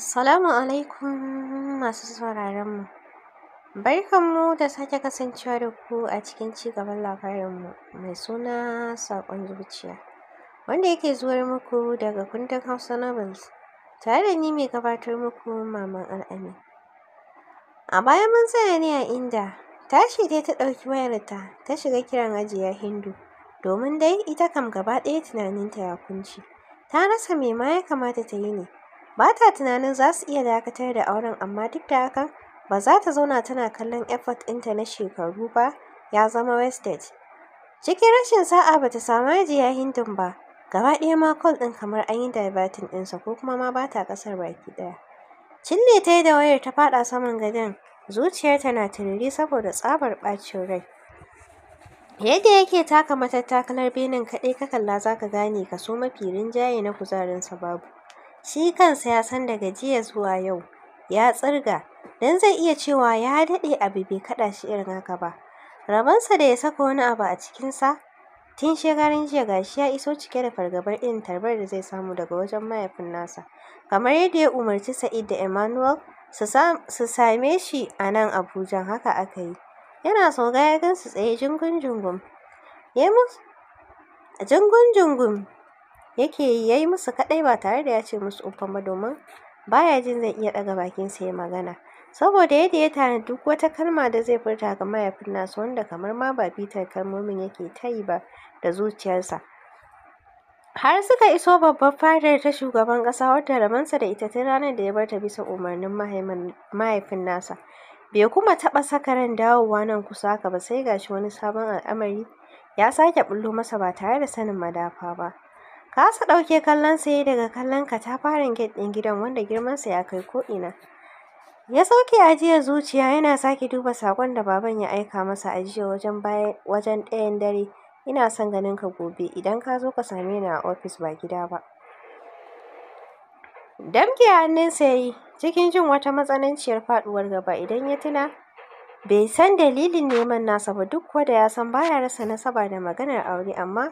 Assalamu alaikum masu sauraronmu. Barkanmu da sake kasancewa da ku a cikin ci cigaban labarinmu mai suna saƙon zuciya. Wanda yake zuwar muku daga kundin Hausa Novels, tare da ni mai gabatar muku Maman al'ami A baya mun tsaya ne a inda tashi dai ta ɗauki wayar ta ta shiga kiran ajiya Hindu, domin dai ita kam gaba ɗaya tunaninta ya kunci. Ta rasa me ma ya kamata ta yi ne. ba ta tunanin za su iya dakatar da auren amma duk da hakan ba za ta zauna tana kallon effort ɗinta na shekaru ba ya zama wasted. Cikin rashin sa'a ba ta samu hajiya hindun ba, gaba ɗaya ma call ɗin kamar an yi diverting ɗinsa ko kuma ma ba ta ƙasar baki ɗaya. Cille ta yi da wayar ta faɗa saman gadon, zuciyarta na tururi saboda tsabar ɓacin rai. Yadda yake taka matattakalar benin kaɗai ka kalla za ka gane kaso mafi rinjaye na kuzarinsa babu. Shi kansa ya san daga jiya zuwa yau ya tsirga don zai iya cewa ya daɗe abu bai kaɗa shi irin haka ba. Rabonsa da ya saka wani abu a cikinsa tun shekaran jiya gashi ya iso cike da fargabar irin tarbar da zai samu daga wajen mahaifin nasa. Kamar yadda ya umarci Sa'id da Emmanuel su same shi a nan Abuja haka aka yi. Yana ga ya gansu tsaye jingun jingun yake yi ya yi musu kaɗai ba tare da ya ce musu umfan ba domin baya jin zai iya ɗaga bakin sa ya magana saboda yadda ya tanadi duk wata kalma da zai furta ga mahaifin nasu wanda kamar ma ba bitar kalmomin yake ta yi ba da zuciyarsa har suka iso babbar fadar ta shugaban ƙasa wadda rabansa da ita ta ranar da ya bar ta bisa umarnin mahaifin nasa bai kuma taɓa saka ran dawowa nan kusa haka ba sai gashi wani sabon al'amari ya sake bullo masa ba tare da sanin madafa ba Kasa ɗauke kallon ya daga kallon katafaren gate ɗin gidan wanda girmansa ya kai ko ina. Ya sauke ajiyar zuciya yana sake duba saƙon da baban ya aika masa ajiya wajen wajen ɗayan dare. Ina son ganin ka gobe idan ka zo ka same ni a ofis ba gida ba. Damke hannunsa ya yi cikin jin wata matsananciyar faɗuwar gaba idan ya tuna bai san dalilin neman nasa ba duk kuwa da ya san baya rasa nasaba da maganar aure amma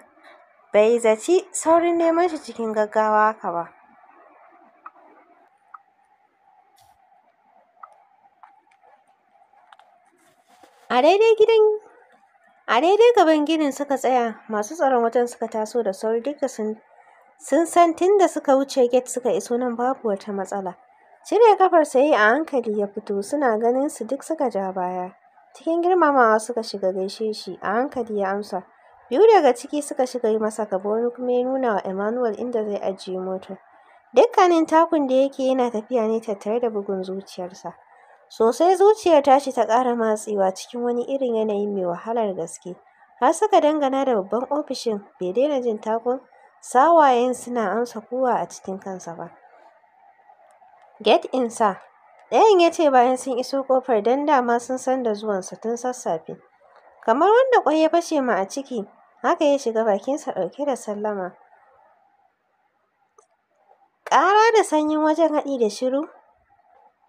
bai zaci saurin neman shi cikin gaggawa haka ba. A daidai gidan a daidai gaban ginin suka tsaya masu tsaron wajen suka taso da sauri duk da sun sun san da suka wuce gate suka iso nan babu wata matsala. Cire kafar saye a hankali ya fito suna ganin su duk suka ja baya. Cikin girmamawa suka shiga gaishe shi a hankali ya amsa. Biyu daga ciki suka shiga yi masa gaba wani kuma ya nuna wa Emmanuel inda zai ajiye motar. Dukkanin takun da yake yana tafiya ne tattare da bugun zuciyarsa. Sosai zuciyar tashi ta ƙara matsewa cikin wani irin yanayin mai wahalar gaske. Har suka dangana da babban ofishin bai daina jin takun sawayen suna amsa kowa a cikin kansa ba. Get in sa. Ɗayan ya ce bayan sun iso ƙofar don dama sun san da zuwansa tun sassafe. Kamar wanda ƙwai ya fashe ma a ciki, Haka ya shiga bakinsa ɗauke da sallama. Ƙara da sanyin wajen haɗi da shiru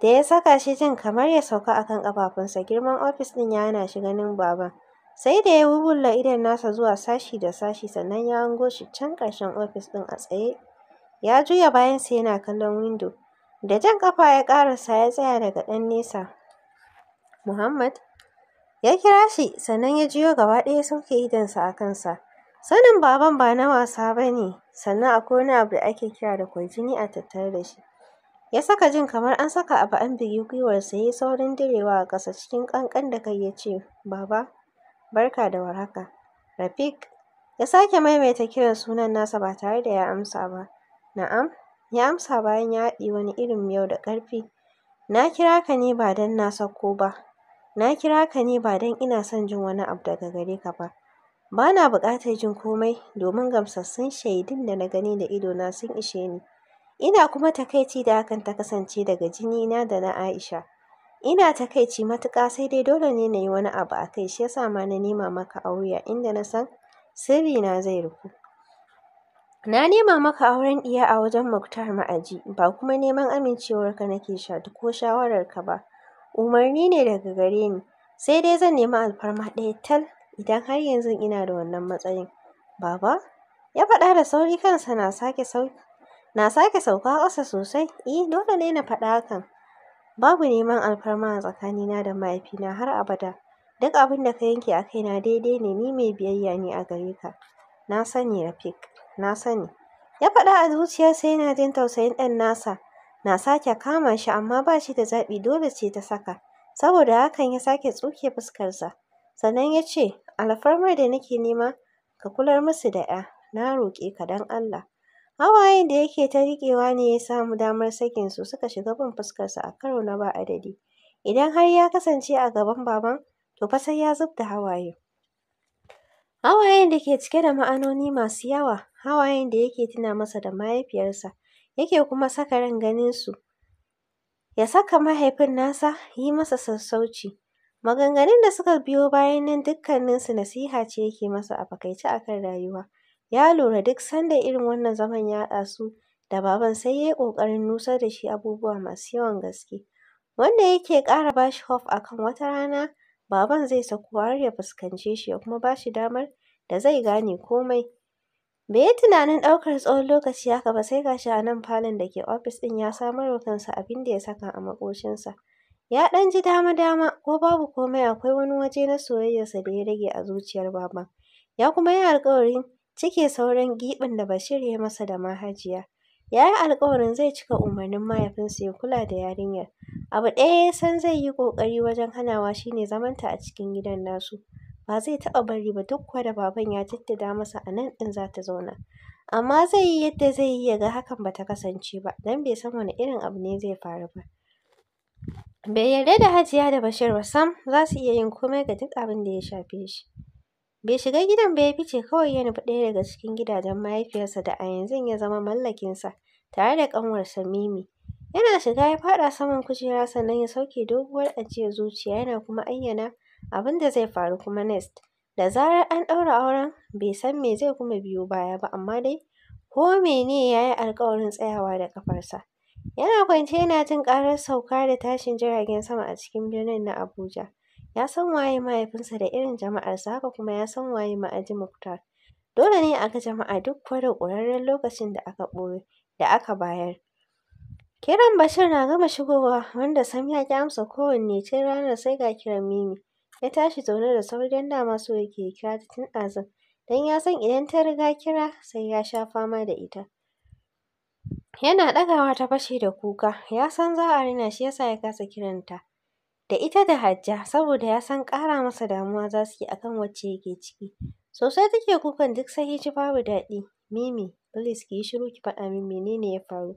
da ya saka shi jin kamar ya sauka a kan ƙafafunsa girman ofis ɗin ya hana shi ganin baban. Sai da ya wubulla idon nasa zuwa sashi da sashi sannan ya hango shi can ƙarshen ofis ɗin a tsaye. Ya juya bayansa yana kallon windo. Da jan ƙafa ya ƙarasa ya tsaya daga ɗan nesa. Muhammad Ya kira shi sannan ya jiyo gaba ɗaya sauke idonsa a kansa. Sanin baban ba na wasa ba ne, sannan akwai wani abu da ake kira da kwarjini a tattare da shi. Ya saka jin kamar an saka abu an bigi gwiwarsa ya yi saurin direwa a ƙasa cikin ƙanƙan da kai ya ce, Baba, barka da warhaka. Rafik. ya sake maimaita kiran sunan nasa ba tare da ya amsa ba. Na'am, ya amsa bayan ya haɗi wani irin miyau da ƙarfi. Na kira ka ne ba don na sauko ba, Na kira ka ne ba don ina son jin wani abu daga gare ka ba. Ba na buƙatar jin komai domin gamsassun shaidun da na gani da idona sun ishe ni. Ina kuma takaici da hakan ta kasance daga jini na da na Aisha. Ina takaici matuƙa sai dai dole ne na yi wani abu a kai shi ya sa ma na nema maka aure inda na san sirri na zai rufu. Na nema maka auren iya a wajen Muktar Ma'aji ba kuma neman amincewarka nake sha ko shawararka ba. umarni ne daga gare ni, sai dai zan nemi alfarma ɗaya tal idan har yanzu ina da wannan matsayin. Baba, ya faɗa da sauri kansa na sake na sake sauka ƙasa sosai, eh dole ne na faɗa hakan. Babu neman alfarma a tsakanina da mahaifina har abada. Duk abin da ka yanke a kaina daidai ne, ni mai biyayya ne a gare ka. Na sani rafik na sani. Ya faɗa a zuciyarsa yana jin tausayin ɗan nasa. na sake kama shi amma ba shi da zaɓi dole ce ta saka saboda hakan ya sake tsuke fuskarsa sannan ya ce alfarmar da nake nema ka kular musu da ‘ya na roƙe ka don Allah hawayen da yake ta riƙewa ne ya samu damar sakin su suka shiga bin fuskarsa a karo na ba adadi idan har ya kasance a gaban baban to fa sai ya zubta hawaye hawayen da ke cike da ma'anoni masu yawa hawayen da yake tuna masa da mahaifiyarsa yake kuma saka ran ganin su. Ya saka mahaifin nasa yi masa sassauci. Maganganun da suka biyo bayan nan dukkaninsu nasiha ce yake masa a fakaice a rayuwa. Ya lura duk sanda irin wannan zaman ya haɗa su da baban sai ya yi ƙoƙarin nusar da shi abubuwa masu yawan gaske. Wanda yake ƙara ba shi hope a wata rana baban zai sako har ya fuskance shi ya kuma ba shi damar da zai gane komai. Bai yi tunanin ɗaukar tsawon lokaci haka ba sai gashi a nan falon da ke ofis ɗin ya samar wa kansa abin da ya saka a makoshinsa Ya ɗan ji dama-dama ko babu komai akwai wani waje na soyayyarsa da ya rage a zuciyar Baban. Ya kuma yi alƙawarin cike sauran giɓin da Bashir ya masa da mahajiya? Ya yi alƙawarin zai cika umarnin mahaifinsa ya kula da yarinyar. Abu ɗaya ya san zai yi ƙoƙari wajen hanawa shine zamanta a cikin gidan nasu. ba zai taɓa bari ba duk kuwa da baban ya jaddada masa a nan ɗin za ta zauna. Amma zai yi yadda zai yi ya ga hakan ba ta kasance ba don bai san wani irin abu ne zai faru ba. Bai yarda da Hajiya da Bashir ba sam za su iya yin komai ga duk abin da ya shafe shi. Bai shiga gidan ba ya fice kawai ya nufi ɗaya daga cikin gidajen mahaifiyarsa da a yanzu ya zama mallakinsa tare da ƙanwarsa samimi. Yana shiga ya faɗa saman kujera sannan ya sauke doguwar ajiyar zuciya yana kuma ayyana abin da zai faru kuma next. Da zarar an ɗaura auren bai san me zai kuma biyo baya ba amma dai ko mene ya yi alƙawarin tsayawa da ƙafarsa. Yana kwance yana jin ƙarar sauka da tashin jiragen sama a cikin birnin na Abuja. Ya san waye mahaifinsa da irin jama'arsa haka kuma ya san waye ma'aji Muktar. Dole ne a ga jama'a duk da ƙurarren lokacin da aka ɓoye da aka bayar. Kiran Bashir na gama shigowa wanda Sam ya ƙi amsa kowanne tun ranar sai ga kiran Mimi. Ya tashi zaune da sauri don dama so yake ya kira ta tun ɗazun don ya san idan ta riga kira sai ya sha fama da ita. Yana ɗagawa ta fashe da kuka, ya san za a raina shi yasa ya kasa kiranta. Da ita da Hajja saboda ya san ƙara masa damuwa za su yi a wacce yake ciki. Sosai take kukan duk sai ya ji babu daɗi. Mimi, please ki yi shiru ki faɗa min menene ya faru.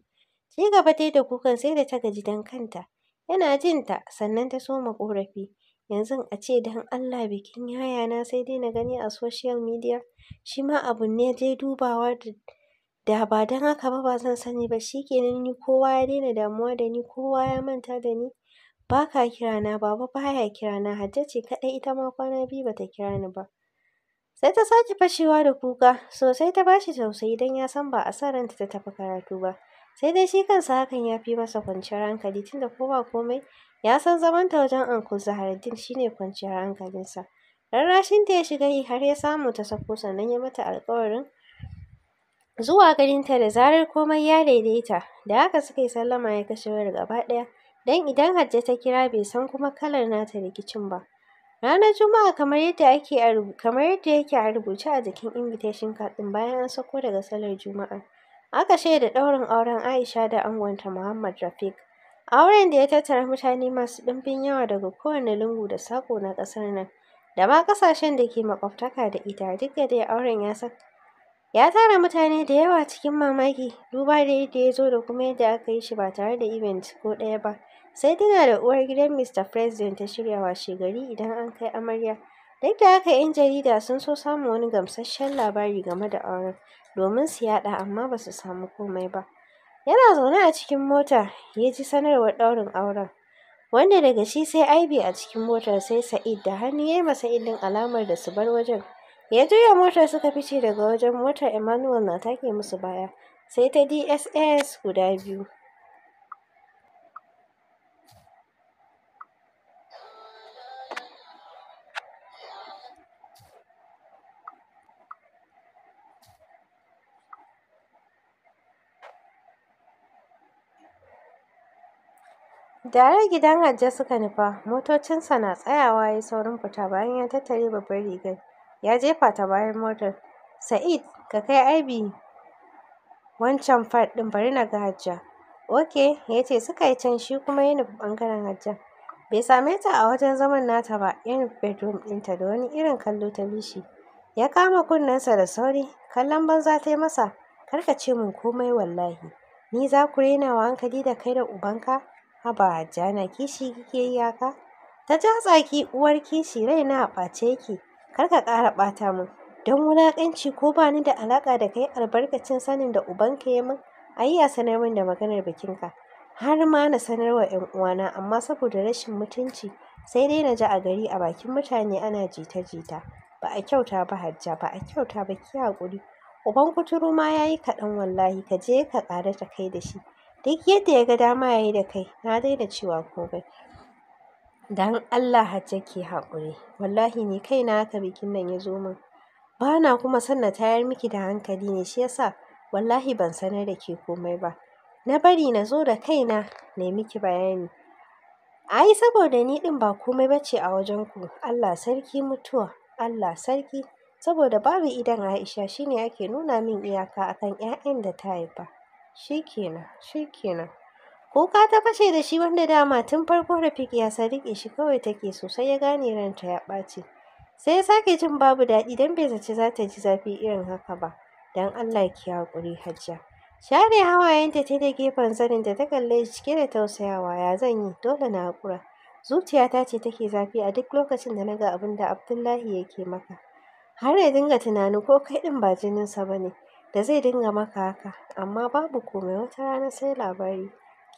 Ci gaba dai da kukan sai da ta gaji don kanta. Yana jin ta sannan ta soma ƙorafi. Yanzu! a ce don Allah bikin yayana sai dai na gani a sosiyal midiya, shi ma abu ne dai dubawa da ba don haka ba ba zan sani ba, shi ke nan ni kowa ya daina damuwa da ni, kowa ya manta da ni. Ba ka kirana, Baba ba ya kira na, Hajja ce kaɗai ita ma kwana biyu ba ta kira ni ba. Sai ta sake fashewa da kuka, sosai ta bashi tausayi don ya san ba a sa ranta ta tafi karatu ba. Sai dai shi kansa hakan ya fi masa kwanciyar hankali tunda ko ba komai Ya san zamanta wajen Uncle Zahraddin shi ne kwanciyar hankalinsa. da ya shiga yi har ya samu ta sako sannan ya mata alƙawarin zuwa ganinta da zarar komai ya daidaita. Da haka suka yi sallama ya kashe wayar gaba ɗaya. Don idan Hajja ta kira bai san kuma kalar nata rikicin ba. Ranar Juma'a kamar yadda ake a kamar yadda yake a rubuce a jikin invitation card ɗin bayan an sako daga sallar Juma'a. Aka shaida ɗaurin auren Aisha da angonta Muhammad Rafiq. Auren da ya tattara mutane masu ɗimbin yawa daga kowane lungu da sako na ƙasar nan da ma ƙasashen da ke makwabtaka da ita duk da dai auren ya saka ya tara mutane da yawa cikin mamaki duba da yadda ya zo da kuma yadda aka yi shi ba tare da event ko ɗaya ba. Sai dina da uwar gidan Mr. President ta shirya washegari idan an kai amarya. Duk da haka 'yan jarida sun so samun wani gamsasshen labari game da auren domin su yaɗa amma ba su samu komai ba. Yana zaune a cikin mota ya ji sanarwar ɗaurin auren, wanda daga shi sai aibi a cikin motar sai Sa'id da hannu ya yi ma Sa'id alamar da su bar wajen. Ya juya motar suka fice daga wajen motar Emmanuel na take musu baya, sai ta DSS guda biyu. Dare gidan Hajja suka nufa, motocinsa na tsayawa ya saurin fita bayan ya tattare babbar rigar ya jefa ta bayan motar. Sa'id, ka kai aibi wancan fat ɗin bari na ga Hajja. Oke, ya ce suka yi can shi kuma ya nufi ɓangaren Hajja. Bai same ta a wajen zaman nata ba, ya nufi bedroom ɗinta da wani irin kallo ta bishi. Ya kama kunnensa da sauri, kallon banza ta yi masa, kar ka ce min komai wallahi. Ni za ku rena wa hankali da kai da ubanka? Haba na kishi kike yi haka? Ta ja tsaki uwar kishi raina a ɓace yake. Kar ka ƙara ɓata min. Don wulaƙanci ko ba ni da alaƙa da kai albarkacin sanin da ubanka ya min? Ai a sanar min da maganar bikinka. Har ma na sanar wa ‘yan uwana amma saboda rashin mutunci sai dai na ji a gari a bakin mutane ana jita-jita. Ba a kyauta ba Hajja ba a kyauta ba ki haƙuri. Uban kuturu ma ya yi kaɗan wallahi ka je ka ƙara ta kai da shi. duk yadda ya ga dama ya yi da kai na daina cewa komai don Allah Hajja ke haƙuri wallahi ni kaina haka bikin nan ya zo min ba na kuma son na tayar miki da hankali ne shi yasa wallahi ban sanar da ke komai ba na bari na zo da kaina na miki bayani ai saboda ni din ba komai ba ce a wajen ku Allah sarki mutuwa Allah sarki saboda babu idan Aisha shine ake nuna min iyaka akan 'ya'yan da ta haifa Shi shikenan. shi kenan. Kuka ta fashe da shi wanda dama tun farko Rafiq ya sa rike shi kawai take sosai ya gane ranta ya ɓaci. Sai ya sake jin babu daɗi don bai zaci za ta ji zafi irin haka ba. Don Allah ki haƙuri Hajja. Share hawayenta ta da gefen zanin da ta kalle shi cike da tausayawa ya zan yi dole na haƙura. Zuciyata ce take zafi a duk lokacin da na ga abin da Abdullahi yake maka. Har ya dinga tunanin ko kai ɗin ba jininsa ba ne. da zai dinga maka haka, amma babu komai wata rana sai labari.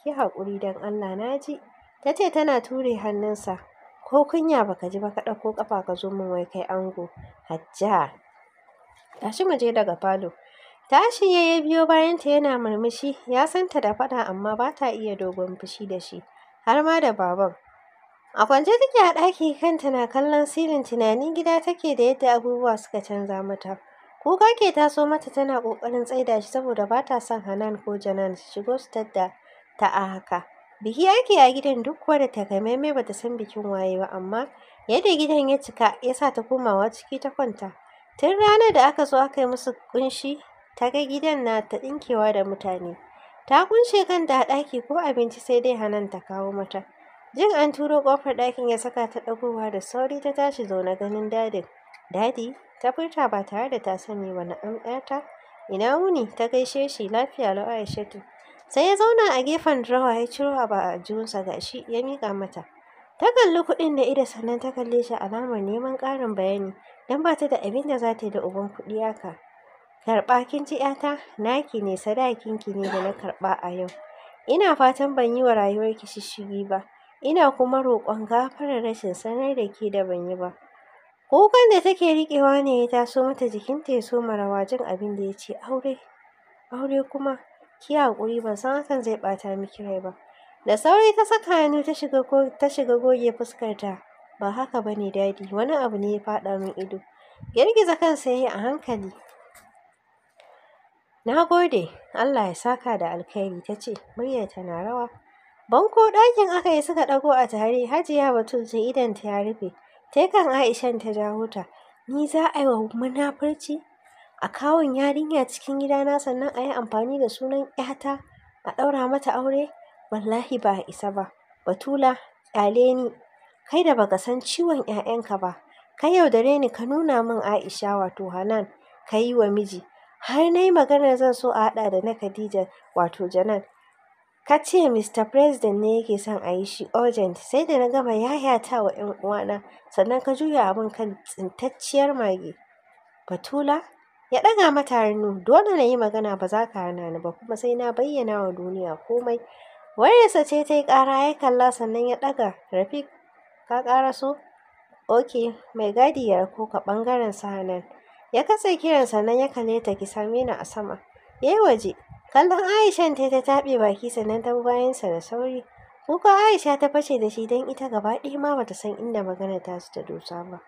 Ki haƙuri dan Allah na ji. Ta ce tana ture hannunsa. Ko kunya baka ji ba ka ɗauko kafa ka zo min wai kai ango. Hajja. Tashi mu je daga falo. Tashi ya ya biyo bayanta yana murmushi, ya santa da faɗa amma ba ta iya dogon fushi da shi, har ma da baban. A kwance take a ɗaki kanta na kallon silin tunanin gida take da yadda abubuwa suka canza mata. Kuka ke taso mata tana ƙoƙarin tsaida shi saboda ba ta son Hanan ko Janan su shigo su tadda ta a haka. Biki ake a gidan duk wadda takamaimai ba ta san bikin waye ba amma yadda gidan ya cika ya sa ta komawa ciki ta kwanta. Tun ranar da aka zo aka yi musu kunshi ta ga gidan na ta ɗinkewa da mutane. Ta kunshe kanta a ɗaki ko abinci sai dai Hanan ta kawo mata. Jin an turo ƙofar ɗakin ya saka ta ɗagowa da sauri ta tashi zaune ganin dadin. Dadi, ta furta ba tare da ta sani ba na'am ‘yata. Ina wuni, ta gaishe shi lafiya lau Aishatu. Sai ya zauna a gefen drawer ya ciro ba a ga shi, ya miƙa mata. Ta kalli kuɗin da ido sannan ta kalle shi alamar neman ƙarin bayani don ba ta da abin da za ta yi da uban kuɗi haka. Karɓa kin ji ‘yata, naki ne ki ne da na karɓa a yau. Ina fatan ban yi wa rayuwarki shishigi ba, ina kuma roƙon gafarar rashin sanar da ke da ban yi ba. kukan da take riƙewa ne ya taso mata jikinta ya soma rawa jin abin da ya ce aure, aure kuma, ki haƙuri ban san hakan zai ɓata miki rai ba. Da sauri ta saka hannu ta shiga ta shiga goge fuskarta. Ba haka ba ne dadi, wani abu ne ya faɗa min ido. Girgiza kansa ya yi a hankali. Na gode, Allah ya saka da alkhairi ta ce, muryarta na rawa. Banko ɗakin aka yi suka ɗago a tare, Hajiya Batun. Sai idan ta ya rufe. Ta kan Aishan ta jawo ta, ni za a yi wa munafurci? A kawon yarinya cikin gidana sannan a yi amfani da sunan 'yata a ɗaura mata aure? Wallahi ba isa ba. Batula, ƙyale ni. Kai da baka san ciwon 'ya'yanka ba. Ka yaudare ni ka nuna min Aisha wato Hanan ka yi wa miji. Har na yi maganar zan so a haɗa da na Khadija wato Janan. Ka ce Mr. President ne yake son a yi shi urgent, sai da na gama wa 'yan uwana sannan ka juya abin kan tsintacciyar mage. Batula ya ɗaga mata hannu, dole na yi magana ba za ka hana ni ba kuma sai na bayyana wa duniya komai. Wayarsa ce ta yi ƙara ya kalla sannan ya ɗaga, Rafiq ka ƙara so? Ok, mai gadi ya rako ka ɓangaren sa nan. Ya katse kiran sannan ya kalle ta ki same ni a sama. Ya waje, Kallon Aisha ta ta taɓe baki sannan ta bayansa da sauri. Kuka Aisha ta fashe da shi don ita gaba ɗaya ma bata san inda magana ta su ta dosa ba.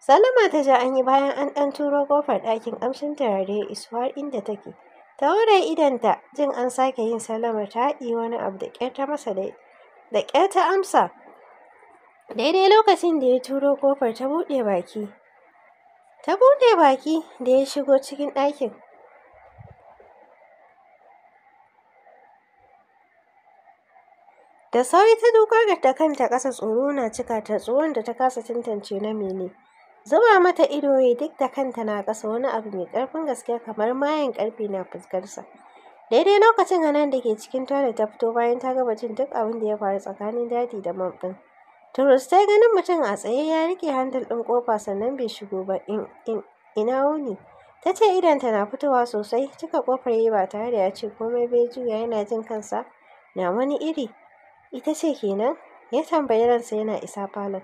Salama ta ja an yi bayan an ɗan turo ƙofar ɗakin amshin turare ya iso har inda take. Ta wurin idonta jin an sake yin salama ta haɗi wani abu da ƙyar ta masa dai. da ƙyar ta amsa. Daidai lokacin da ya turo ƙofar ta buɗe baki. Ta buɗe baki da ya shigo cikin ɗakin. Da sauri ta dukar da kanta ƙasa tsoro na cika ta tsoron da ta kasa tantance na mene. Zuba mata ido ya eh, duk da kanta na ƙasa wani abu mai ƙarfin gaske kamar mayan ƙarfe na fuskarsa. Daidai lokacin Hanan da ke cikin toilet ta fito bayan ta gaba jin duk abin da ya faru tsakanin dadi da mom ɗin. Turus ta ganin mutum a tsaye ya rike handal ɗin ƙofa sannan bai shigo ba in ina wuni. Ta ce idonta na fitowa sosai cika ƙofar yi ba tare da ya ce komai bai juya yana jin kansa na wani iri. ita ce kenan ya tambayi ransa yana isa falon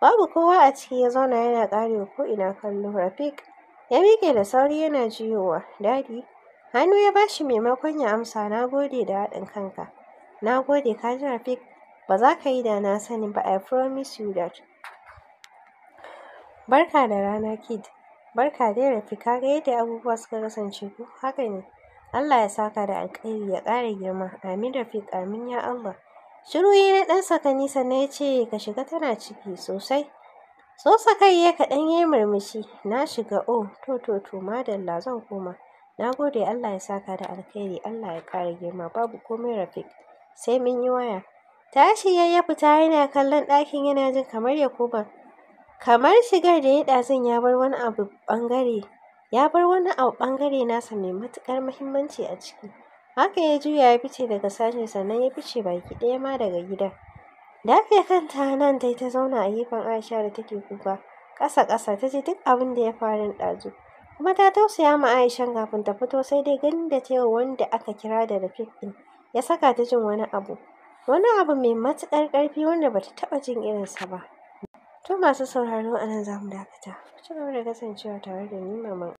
babu kowa a ciki ya zauna yana ƙare ko ina kallo rafik ya miƙe da sauri yana jiyowa dadi hannu ya bashi maimakon ya amsa na gode da haɗin kanka na gode ka ji rafik ba za ka yi da na sani ba i promise you that barka da rana kid barka dai rafik ka ga yadda abubuwa suka kasance ku? haka ne allah ya saka da alkhairi ya ƙara girma amin rafik amin ya allah Shiru yi na ɗan sakani sannan ya ce ka shiga tana ciki sosai. Sosa kai ya kaɗan ya yi murmushi. Na shiga o oh, to to to madalla zan koma. Na gode Allah ya saka da alkhairi Allah ya ƙara girma babu komai rafik Sai mun yi waya. Tashi ya ya fita yana kallon ɗakin yana jin kamar ya koma. Kamar shigar da ya ɗazun ya bar wani abu ɓangare. Ya bar wani abu ɓangare nasa mai matuƙar muhimmanci a ciki. Haka ya juya ya fice daga sashen sannan ya fice baki ɗaya ma daga gidan. Dafe kanta nan yi ta zauna a gefen Aisha da take kuka. Ƙasa-ƙasa ta ji duk abin da ya faru ɗazu. Kuma ta tausaya ma Aisha kafin ta fito sai dai ganin da ta wanda aka kira da Rafiq ɗin ya saka ta jin wani abu. Wani abu mai matuƙar ƙarfi wanda bata taɓa jin irinsa ba. To masu sauraro a nan za mu dakata. Ku ci gaba da kasancewa tare da ni Maman